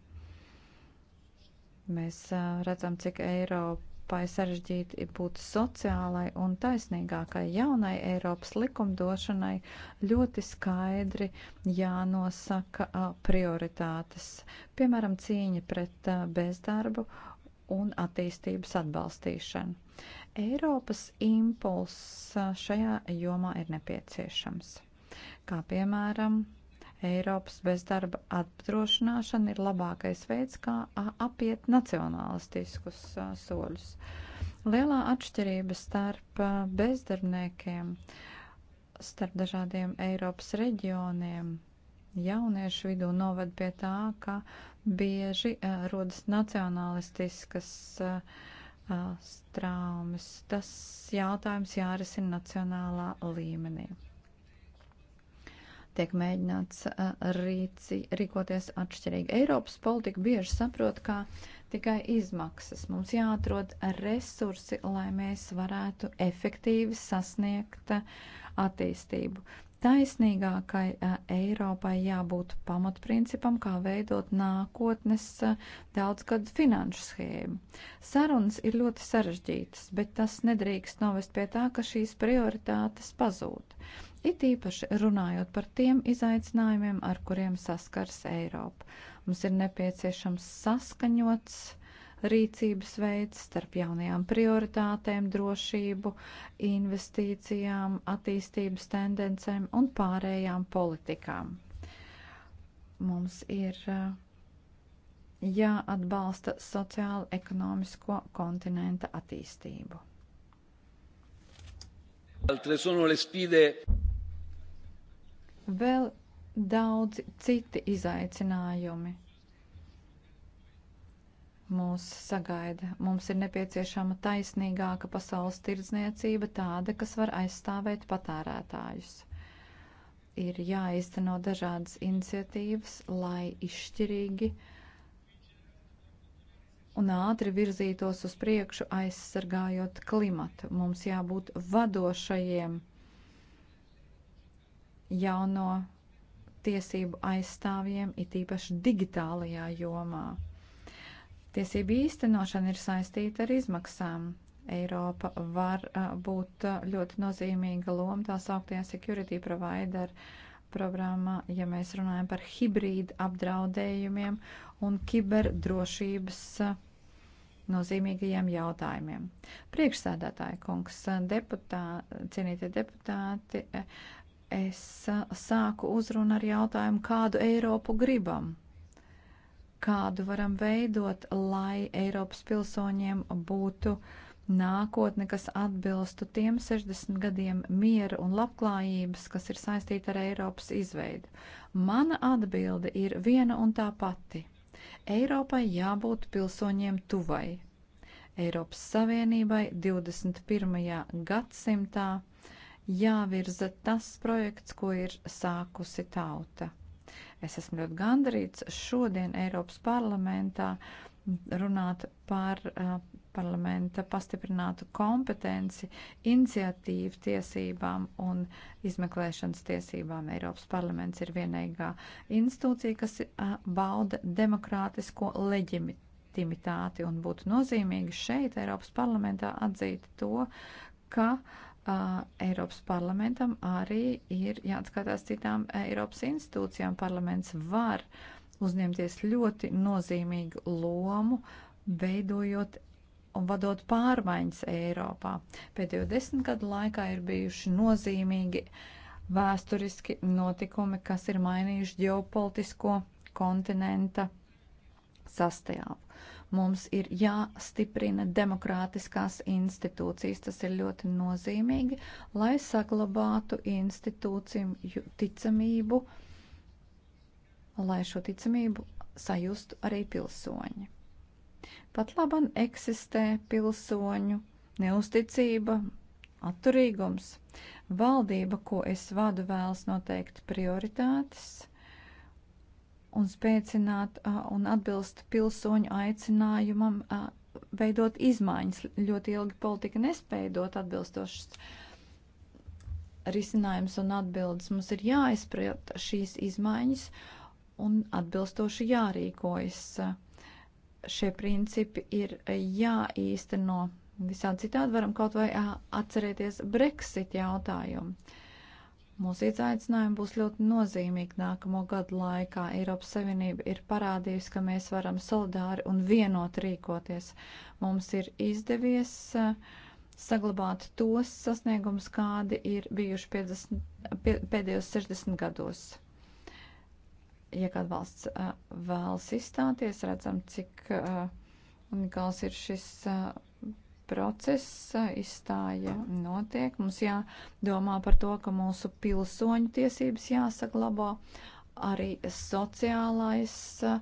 Mēs redzam, cik Eiropa Eiropai sarežģīti būt sociālai un taisnīgākai jaunai Eiropas likumdošanai ļoti skaidri jānosaka prioritātes, piemēram, cīņa pret bezdarbu un attīstības atbalstīšanu. Eiropas impulss šajā jomā ir nepieciešams, kā piemēram Eiropas bezdarba apdrošināšana ir labākais veids, kā apiet nacionālistiskus soļus. Lielā atšķirība starp bezdarbniekiem, starp dažādiem Eiropas reģioniem jauniešu vidū noved pie tā, ka bieži uh, rodas nacionalistiskas uh, straumes. Tas jautājums jārisina nacionālā līmenī tiek mēģināts rīci, rīkoties atšķirīgi. Eiropas politika bieži saprot, kā tikai izmaksas. Mums jāatrod resursi, lai mēs varētu efektīvi sasniegt attīstību. Taisnīgākai Eiropai jābūt pamatprincipam, kā veidot nākotnes daudzgadu finanšu schēmu. Sarunas ir ļoti sarežģītas, bet tas nedrīkst novest pie tā, ka šīs prioritātes pazūd. Uh, It īpaši runājot par tiem izaicinājumiem, ar kuriem saskars Eiropa. Mums ir nepieciešams saskaņots rīcības veids starp jaunajām prioritātēm, drošību, investīcijām, attīstības tendencēm un pārējām politikām. Mums ir uh, jāatbalsta sociāli ekonomisko kontinenta attīstību. Altre sono le sfide vēl daudzi citi izaicinājumi mūs sagaida. Mums ir nepieciešama taisnīgāka pasaules tirdzniecība, tāda, kas var aizstāvēt patērētājus. Ir jāizteno dažādas iniciatīvas, lai izšķirīgi un ātri virzītos uz priekšu, aizsargājot klimatu. Mums jābūt vadošajiem jauno tiesību aizstāvjiem, it īpaši digitālajā jomā. Tiesība īstenošana ir saistīta ar izmaksām. Eiropa var būt ļoti nozīmīga loma tā sauktajā security provider programmā, ja mēs runājam par hibrīdu apdraudējumiem un kiberdrošības nozīmīgajiem jautājumiem. Priekšsēdētāji kungs, deputā, cienītie deputāti, uh, Es sāku uzrunu ar jautājumu, kādu Eiropu gribam, kādu varam veidot, lai Eiropas pilsoņiem būtu nākotne, kas atbilstu tiem 60 gadiem miera un labklājības, kas ir saistīta ar Eiropas izveidu. Mana atbilde ir viena un tā pati. Eiropai jābūt pilsoņiem tuvai. Eiropas Savienībai 21. gadsimtā jāvirza tas projekts, ko ir sākusi tauta. Es esmu ļoti gandarīts šodien Eiropas parlamentā runāt par uh, parlamenta pastiprinātu kompetenci iniciatīvu tiesībām un izmeklēšanas tiesībām. Eiropas parlaments ir vienīgā institūcija, kas uh, bauda demokrātisko leģitimitāti un būtu nozīmīgi šeit Eiropas parlamentā atzīt to, ka uh, Eiropas parlamentam arī ir jāatskatās citām Eiropas institūcijām. Parlaments var uzņemties ļoti nozīmīgu lomu, veidojot un vadot pārmaiņas Eiropā. Pēdējo desmit gadu laikā ir bijuši nozīmīgi vēsturiski notikumi, kas ir mainījuši ģeopolitisko kontinenta sastāvu. Mums ir jāstiprina demokrātiskās institūcijas. Tas ir ļoti nozīmīgi, lai saglabātu institūciju ticamību, lai šo ticamību sajustu arī pilsoņi. Pat laban eksistē pilsoņu neusticība, atturīgums. Valdība, ko es vadu, vēlas noteikt prioritātes un spēcināt un atbilst pilsoņu aicinājumam veidot izmaiņas. Ļoti ilgi politika nespēja dot atbilstošas risinājums un atbildes. Mums ir jāizprot šīs izmaiņas un atbilstoši jārīkojas. Šie principi ir jāīsteno visādi citādi. Varam kaut vai atcerēties Brexit jautājumu Mūsu izaicinājumi būs ļoti nozīmīgi nākamo gadu laikā. Eiropas Savienība ir parādījusi, ka mēs varam solidāri un vienot rīkoties. Mums ir izdevies eh, saglabāt tos sasniegumus, kādi ir bijuši 50, pēdējos 60 gados ja kāda valsts eh, vēlas izstāties, redzam, cik eh, unikāls ir šis process, izstāja notiek. Mums jādomā par to, ka mūsu pilsoņu tiesības jāsaglabā, arī sociālais uh,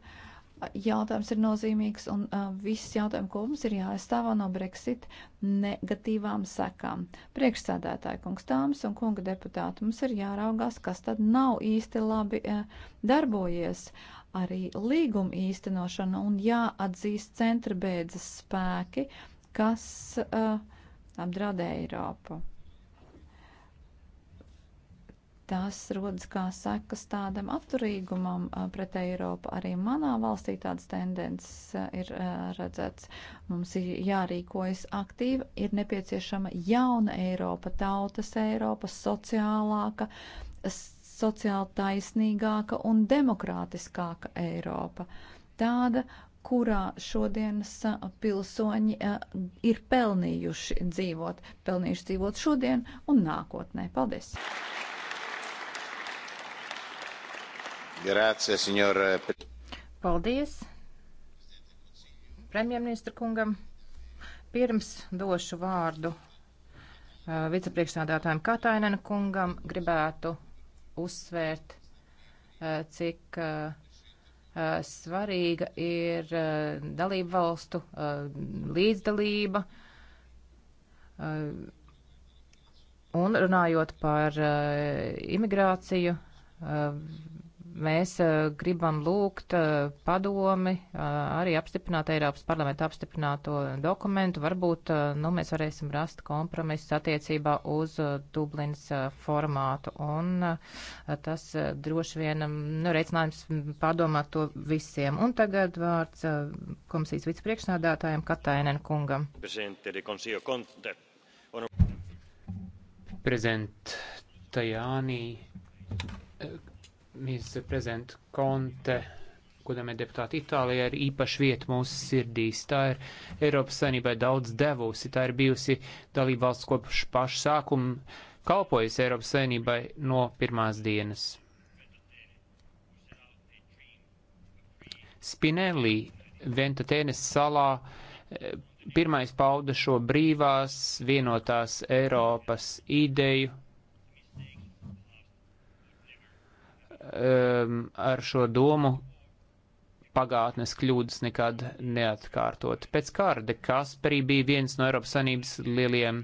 jautājums ir nozīmīgs un uh, viss jautājums, ko mums ir jāaizstāvā no Brexit negatīvām sekām. Priekšsēdētāji, kungs tāms un kunga deputāti, mums ir jāraugās, kas tad nav īsti labi uh, darbojies arī līguma īstenošana un jāatzīst centra bēdzas spēki, uh, kas uh, eh, apdraud Eiropu. Tas rodas kā sekas tādam atturīgumam eh, pret Eiropu. Arī manā valstī tādas tendences eh, ir redzēts. Mums ir jārīkojas aktīvi, ir nepieciešama jauna Eiropa, tautas Eiropa, sociālāka, sociāli taisnīgāka un demokrātiskāka Eiropa. Tāda, kurā šodienas pilsoņi ir pelnījuši dzīvot, pelnījuši dzīvot šodien un nākotnē. Paldies! Grācie, signor. Eh, Paldies premjerministra kungam. Pirms došu vārdu uh, eh, vicepriekšstādātājiem Katainena kungam, gribētu uzsvērt, uh, cik uh, Eh, svarīga ir eh, dalību valstu eh, līdzdalība. Un runājot par imigrāciju, mēs eh, gribam lūgt eh, padomi eh, arī apstiprināt Eiropas parlamentu apstiprināto dokumentu. Varbūt, nu, mēs varēsim rast kompromisu attiecībā uz Dublins formātu. Un tas droši vien, mm, nu, reicinājums pārdomāt to visiem. Un tagad vārds komisijas vicepriekšnādātājiem Katainen kungam. Prezident Tajānī Viceprezidenta Konte, godamie deputāti, Itālijā ir īpaša vieta mūsu sirdīs. Tā ir Eiropas Savienībai daudz devusi, tā ir bijusi dalībvalsts kopš paša sākuma, kalpojusi Eiropas Savienībai no pirmās dienas. Spinelli Ventatēnes salā eh, pirmais pauda šo brīvās, vienotās Eiropas ideju um, ar šo domu pagātnes kļūdas nekad neatkārtot. Pēc kārda Kasperī bija viens no Eiropas Sanības lieliem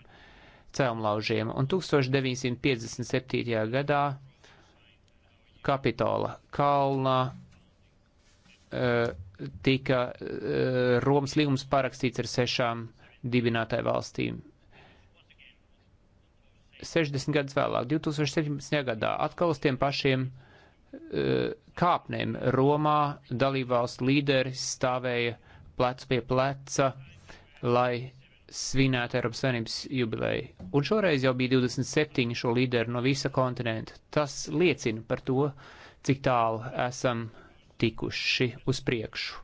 celmlaužiem, un 1957. gadā Kapitola kalnā uh, tika uh, Romas līgums parakstīts ar sešām dibinātāju valstīm. 60 gadus vēlāk, 2017. gadā, atkal uz tiem pašiem uh, Eh, kāpnēm. Romā dalībvalstu līderi stāvēja plec pie pleca, lai svinētu Eiropas Savienības jubileju. Un šoreiz jau bija 27 šo līderu no visa kontinenta. Tas liecina par to, cik tālu esam tikuši uz priekšu.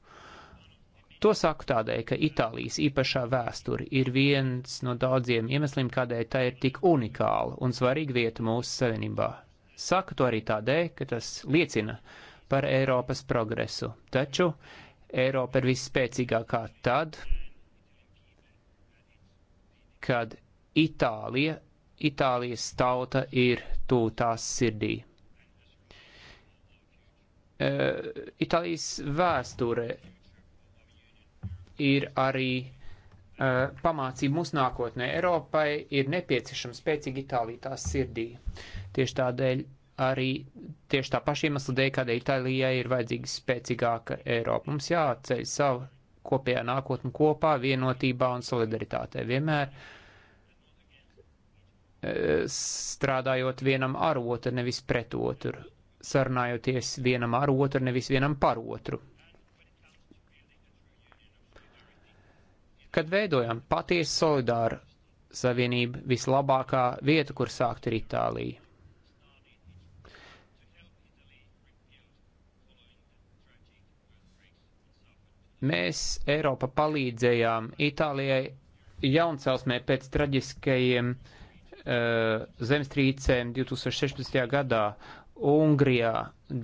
To saku tādēļ, ka Itālijas īpašā vēsture ir viens no daudziem iemesliem, kādēļ tā ir tik unikāla un svarīga vieta mūsu savienībā. Saku to arī tādēļ, ka tas liecina par Eiropas progresu. Taču Eiropa ir visspēcīgākā tad, kad Itālija, Itālijas tauta ir tūtās sirdī. Uh, Itālijas vēsture ir arī Eh, pamācību mūsu nākotnē. Eiropai ir nepieciešama spēcīga Itālija tās sirdī. Tieši tādēļ arī tieši tā paša iemesla dēļ, kādēļ Itālijai ir vajadzīga spēcīgāka Eiropa. Mums jāceļ savu kopējā nākotni kopā, vienotībā un solidaritātē. Vienmēr eh, strādājot vienam ar otru, nevis pret otru, sarunājoties vienam ar otru, nevis vienam par otru. kad veidojam patiesu solidāru savienību, vislabākā vieta, kur sākt ir Itālija. Mēs Eiropa palīdzējām Itālijai jauncelsmē pēc traģiskajiem uh, zemstrīcēm 2016. gadā. Ungrijā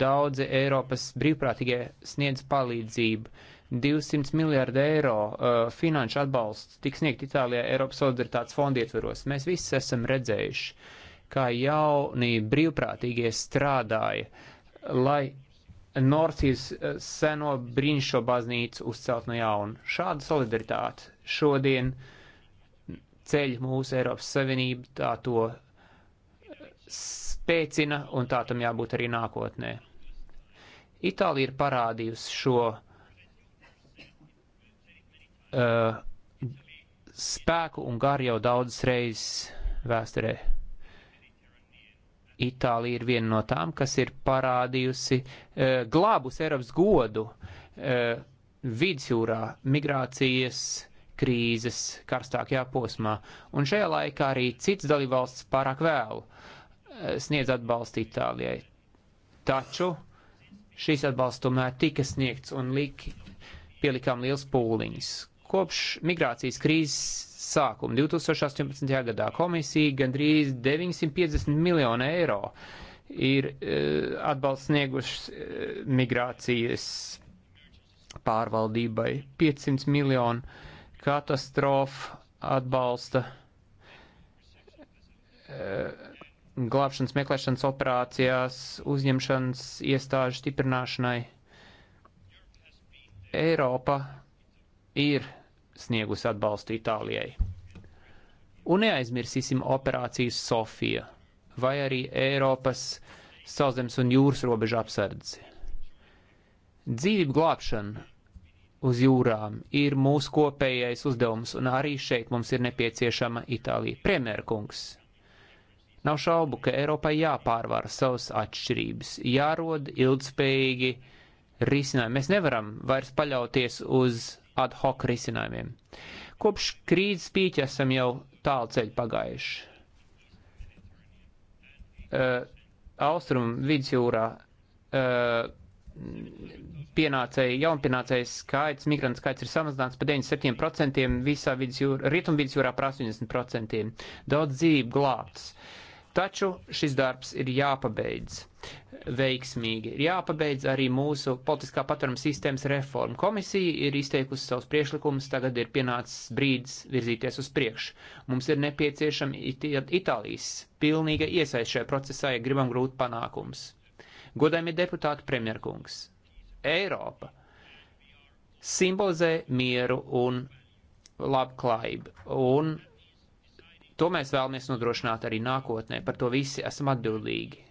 daudzi Eiropas brīvprātīgie sniedz palīdzību. Uh, 200 miljārdu eiro uh, finanšu atbalsts tiks sniegt Itālijai Eiropas solidaritātes fonda ietveros. Mēs visi esam redzējuši, kā jaunie brīvprātīgie strādāja, lai Norcijas uh, seno brīnišķo baznīcu uzcelt no jauna. Šāda solidaritāte šodien ceļ mūsu Eiropas Savienību, tā to spēcina un tā tam jābūt arī nākotnē. Itālija ir parādījusi šo uh, uh, spēku un garu jau daudzas reizes vēsturē. Itālija ir viena no tām, kas ir parādījusi uh, glābus Eiropas godu uh, vidusjūrā migrācijas krīzes karstākajā posmā, un šajā laikā arī cits dalībvalsts pārāk vēlu sniedz atbalstu Itālijai. Taču šīs atbalsts tomēr tika sniegts un lika, pielikām liels pūliņus, kopš migrācijas krīzes sākuma 2018. gadā komisija gandrīz 950 miljonu eiro ir uh, atbalsts sniegušas uh, migrācijas pārvaldībai 500 miljonu katastrofu atbalsta uh, glābšanas, meklēšanas operācijās, uzņemšanas iestāžu stiprināšanai. Eiropa ir sniegus atbalstu Itālijai. Un neaizmirsīsim operāciju Sofija vai arī Eiropas sauszemes un jūras robežu apsardzi. Dzīvību glābšana uz jūrām ir mūsu kopējais uzdevums, un arī šeit mums ir nepieciešama Itālija. Premjerkungs, nav šaubu, ka Eiropai jāpārvar savas atšķirības, jārod ilgspējīgi risinājumi. Mēs nevaram vairs paļauties uz ad hoc risinājumiem. Kopš krīzes pīķa esam jau tālu ceļu pagājuši. Uh, Austrum vidusjūrā uh, pienācēji, jaunpienācēji skaits, migrantu skaits ir samazināts par 97%, visā vidusjūrā, rietum vidusjūrā par 80%. Daudz dzīvību glābts. Uh, Taču šis darbs ir jāpabeidz veiksmīgi. Ir jāpabeidz arī mūsu politiskā patvēruma sistēmas reforma. Komisija ir izteikusi savus priekšlikumus, tagad ir pienācis brīdis virzīties uz priekšu. Mums ir nepieciešama it Itālijas pilnīga iesaist šajā procesā, ja gribam grūt panākums. Godājumie deputāti premjerkungs, Eiropa simbolizē mieru un labklājību. Un To mēs vēlamies nodrošināt arī nākotnē, par to visi esam atbildīgi.